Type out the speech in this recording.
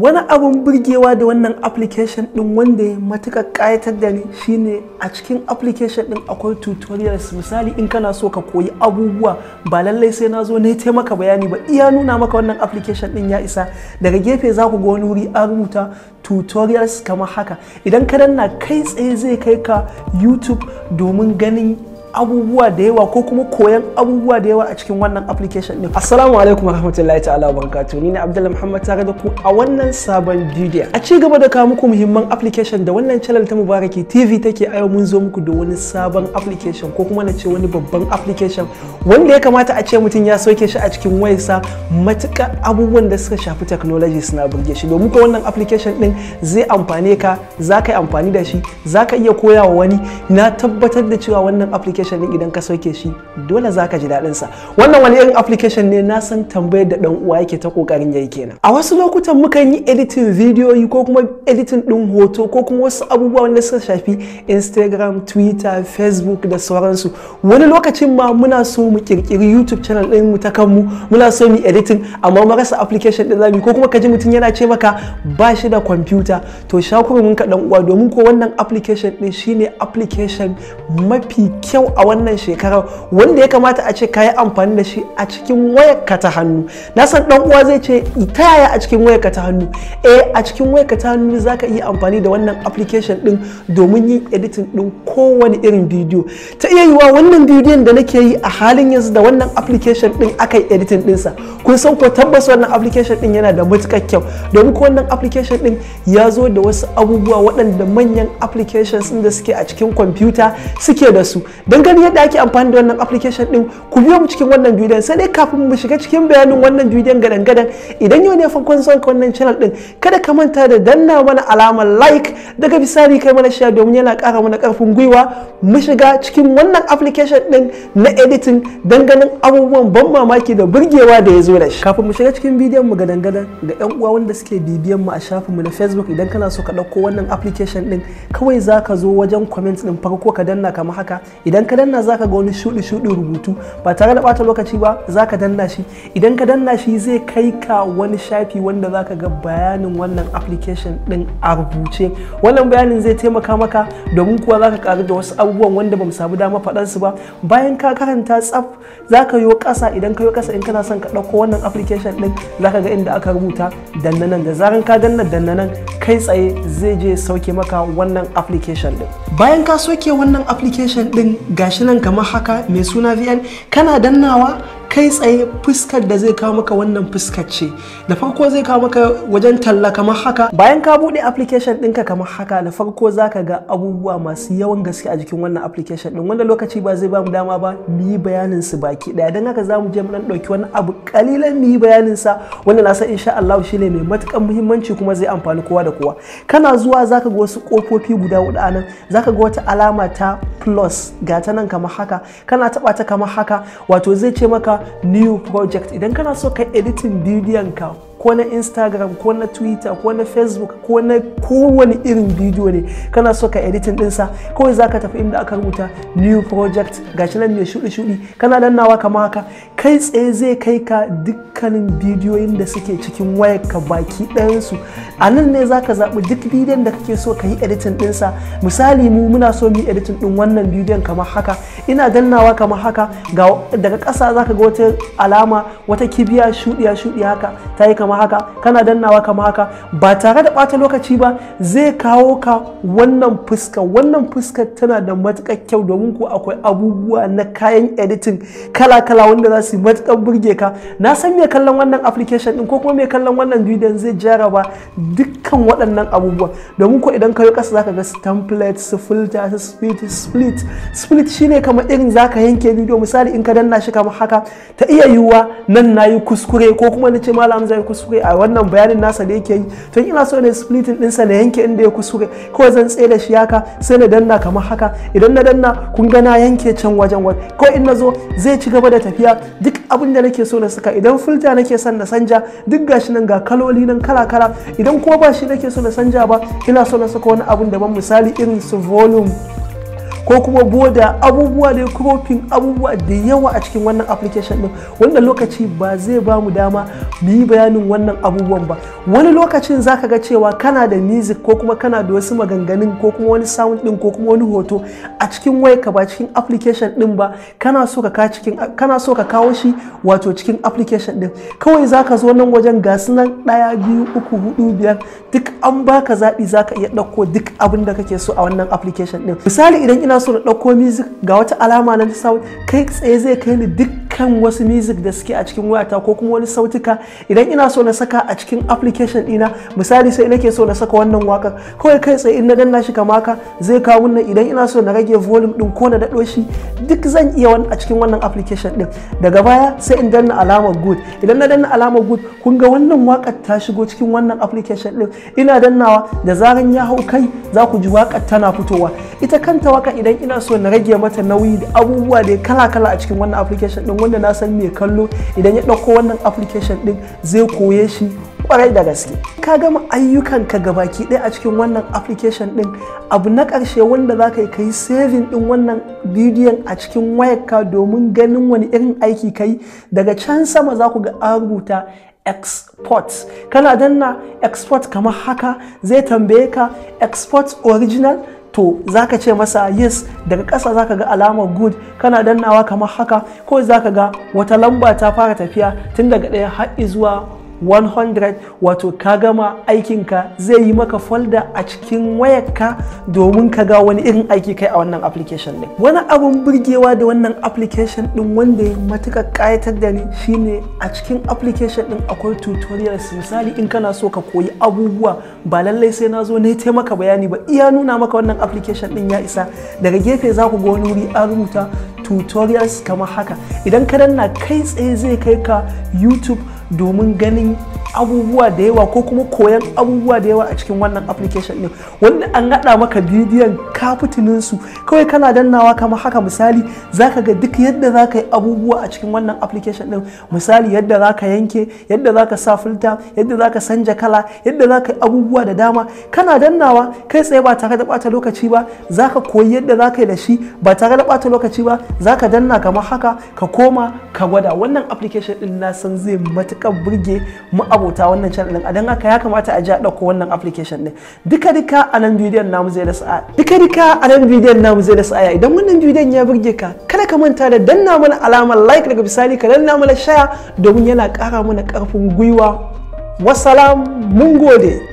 wani abun burgewa da wannan application ɗin wanda ya matuƙa ƙayatar da ni shine a cikin application din akwai tutorials misali in kana so ka koyi abubuwa ba lallai sai na zo na taimaka bayani ba iya nuna maka wannan application din ya isa daga gefe za ku ga wani wuri an rubuta tutorials kamar haka idan ka danna kai tsaye zai kai ka youtube domin ganin abubuwa da yawa ko kuma koyan abubuwa da yawa a cikin wannan application din assalamu alaikum warahmatullahi ta'ala wabarakatuh ni ne abdullahi muhammad tare da ku a wannan sabon video. a ci gaba da kawo muku muhimman application da wannan channel ta mubaraki tv take a yau mun zo muku da wani sabon application ko kuma na ce wani babban application wanda ya kamata a ce mutum ya sauke shi a cikin wayarsa matuƙa abubuwan da suka shafi technology suna burge shi domin ko wannan application din zai amfane ka za ka yi amfani da shi za ka iya koya wa wani na tabbatar da cewa wannan application application din idan ka sauke shi dole za ka ji daɗin sa wannan wani irin application ne na san tambayar da dan uwa yake ta kokarin yayi kenan a wasu lokutan mukan yi editing yi ko kuma editing din hoto ko kuma wasu abubuwa wanda suka shafi Instagram Twitter Facebook da sauransu wani lokacin ma muna so mu kirkiri YouTube channel din mu ta kanmu muna so mu editing amma mu rasa application din zamu ko kuma kaji mutum yana ce maka ba shi da kwamfuta to mun ka dan uwa domin ko wannan application din shine application mafi kyau a wannan shekarar wanda ya kamata a ce ka yi amfani da shi a cikin wayarka ta hannu na san dan uwa zai ce ita yaya a cikin wayarka ta hannu eh a cikin wayarka ta hannu za ka iya amfani da wannan application din domin yin editing din kowane irin bidiyo ta iya yiwa wannan bidiyon da nake yi a halin yanzu da wannan application din aka yi editing dinsa kun san ko tabbas wannan application din yana da matukar kyau domin ko wannan application din ya zo da wasu abubuwa waɗanda manyan applications din da suke a cikin kwamfuta suke da su don gani yadda ake amfani da wannan application din ku biyo mu cikin wannan bidiyon sai dai kafin mu shiga cikin bayanin wannan bidiyon gadan gadan idan yau ne farkon son ka wannan channel din kada ka manta da danna mana alamar like daga bisani kai mana share domin yana ƙara mana ƙarfin gwiwa mu shiga cikin wannan application din na editing don ganin abubuwan ban mamaki da burgewa da ya zo da shi kafin mu shiga cikin bidiyon mu gadan gadan ga yan uwa wanda suke bibiyan mu a shafin mu na facebook idan kana so ka ɗauko wannan application din kawai za ka zo wajen comment din farko ka danna kamar haka idan ka danna ka ga wani shuɗi shuɗi rubutu ba tare da ɓata lokaci ba zaka danna shi idan ka danna shi zai kai ka wani shafi wanda zaka ga bayanin wannan application ɗin a rubuce wannan bayanin zai taimaka maka domin kuwa zaka karu da wasu abubuwan wanda ba mu samu dama faɗan su ba bayan ka karanta tsaf zaka yi ƙasa idan ka yi ƙasa in kana son ka ɗauko wannan application ɗin zaka ga inda aka rubuta danna nan da zaran ka danna danna nan kai tsaye zai je sauke maka wannan application din bayan ka soke wannan application din gashi nan kamar haka mai suna vn kana dannawa kai tsaye fuskar da zai kawo maka wannan fuskar ce da farko zai kawo maka wajen talla kamar haka bayan ka buɗe application ɗinka kamar haka da farko za ka ga abubuwa masu yawan gaske a jikin wannan application ɗin wanda lokaci ba zai ba mu dama ba mu yi bayanin su baki ɗaya don haka za mu je mu ɗan ɗauki wani abu ƙalilan mu yi bayanin sa wanda na san insha Allah shine mai matuƙar muhimmanci kuma zai amfani kowa da kowa kana zuwa za ka ga wasu ƙofofi guda hudu a nan za ka ga wata alama ta plus ga ta nan kamar haka kana taɓa ta kamar haka wato zai ce maka new project idan kana so ka editin bidiyon ka ko na instagram ko na twitter ko na facebook ko na kowane irin bidiyo ne kana so ka editin dinsa kawai za ka tafi inda aka rubuta new project gashi nan mai shuɗi shuɗi kana dannawa kama haka kai tsaye zai kai ka dukkanin bidiyoyin da suke cikin wayar ka baki ɗayansu a nan ne zaka ka zaɓi duk bidiyon da kake so ka yi editin dinsa misali mu muna so mu yi editin ɗin wannan bidiyon kamar haka ina dannawa kamar haka daga ƙasa zaka ga wata alama wata kibiya shuɗiya shuɗiya haka ta yi kamar haka kana dannawa kamar haka ba tare da ɓata lokaci ba zai kawo ka wannan fuska wannan fuskar tana da matuƙar kyau domin ko akwai abubuwa na kayan editing kala kala wanda za su matuƙar burge ka na san mai kallon wannan application ɗin ko kuma mai kallon wannan bidiyon zai jaraba dukkan waɗannan abubuwa domin ko idan ka yi ƙasa ka ga su template su filter su split split split shine ka kama irin ka yanke bidiyo misali in ka danna shi kama haka ta iya yiwuwa nan na yi kuskure ko kuma na ce malam zai kuskure a wannan bayanin nasa da yake yi to ina so ne splitting ɗinsa na yanke inda ya kuskure kawai zan tsaye da shi haka sai na danna kama haka idan na danna kun ga na yanke can wajen wani ko in na zo zai ci gaba da tafiya duk abin da nake so na saka idan filta nake son na sanja duk gashi nan ga kaloli nan kala kala idan ko ba shi nake so na sanja ba ina so na saka wani abin daban misali irin su volume ko kuma boda abubuwa da cropping abubuwa da yawa a cikin wannan application din wanda lokaci ba zai ba mu dama mu yi bayanin wannan abubuwan ba wani lokacin zaka ga cewa kana da music ko kuma kana da wasu maganganun ko kuma wani sound din ko kuma wani hoto a cikin wai ka ba cikin application din ba kana so ka cikin kana so ka kawo shi wato cikin application din kawai zaka zo nan wajen ga nan ɗaya biyu uku hudu biyar duk an baka zaɓi zaka iya ɗauko duk abin da kake so a wannan application din misali idan ina ina so na ɗauko music ga wata alama na lissafi kai tsaye zai kai ni duk Kan wasu music da suke a cikin wayata ko kuma wani sautuka idan ina so na saka a cikin application dina misali sai nake so na saka wannan waka kawai kai tsaye in na danna shi kama ka zai kawo nan idan ina so na rage volume din ko na dado shi duk zan iya wani a cikin wannan application din daga baya sai in danna alamar good idan na danna alamar good kun ga wannan wakar ta shigo cikin wannan application din ina dannawa da zaran ya hau kai za ku ji wakar tana fitowa ita kanta waka idan ina so na rage mata nauyi da abubuwa da kala kala a cikin wannan application din wanda na san mai kallo idan ya ɗauko wannan application ɗin zai koye shi kwarai da gaske ka gama ayyukan ka gabaki ɗaya a cikin wannan application ɗin abu na ƙarshe wanda za ka yi saving ɗin wannan bidiyon a cikin wayarka domin ganin wani irin aiki ka yi daga can sama za ku ga an rubuta export kana danna export kamar haka zai tambaye ka export original to zaka ce masa yes daga ƙasa zaka ga alamar good kana dannawa kamar haka ko zaka ga wata lamba ta fara tafiya tun daga ɗaya har zuwa 100 wato ka gama aikinka zai yi maka folda a cikin wayarka domin ka ga wani irin aiki kai a wannan application din wani abun burgewa da wannan application din wanda ya matuƙar ƙayatar da ni shine a cikin application din akwai tutorials misali in kana so ka koyi abubuwa ba lallai sai na zo na yi maka bayani ba iya nuna maka wannan application din ya isa daga gefe za ku ga wani wuri an rubuta tutorials kamar haka idan ka danna kai tsaye zai kai ka youtube domin ganin abubuwa da yawa ko kuma koyan abubuwa da yawa a cikin wannan application ɗin wanda an gada maka bidiyon kafitinin su kawai kana dannawa kamar haka misali zaka ga duk yadda zaka yi abubuwa a cikin wannan application ɗin misali yadda zaka yanke yadda zaka sa filta yadda zaka sanja kala yadda zaka yi abubuwa da dama kana dannawa kai tsaye ba tare da ɓata lokaci ba zaka koyi yadda zaka yi da shi ba tare da ɓata lokaci ba zaka danna kamar haka ka koma ka gwada wannan application ɗin na san zai matukar burge mu ma'abota wannan channel din a dan haka ya kamata a ji a dauko wannan application din duka duka a nan bidiyon namu zai da sa'a duka duka a nan bidiyon namu zai da sa'a idan wannan bidiyon ya burge ka kada ka manta da danna mana alamar like daga bisani ka danna mana share domin yana kara mana karfin gwiwa wasalam mun gode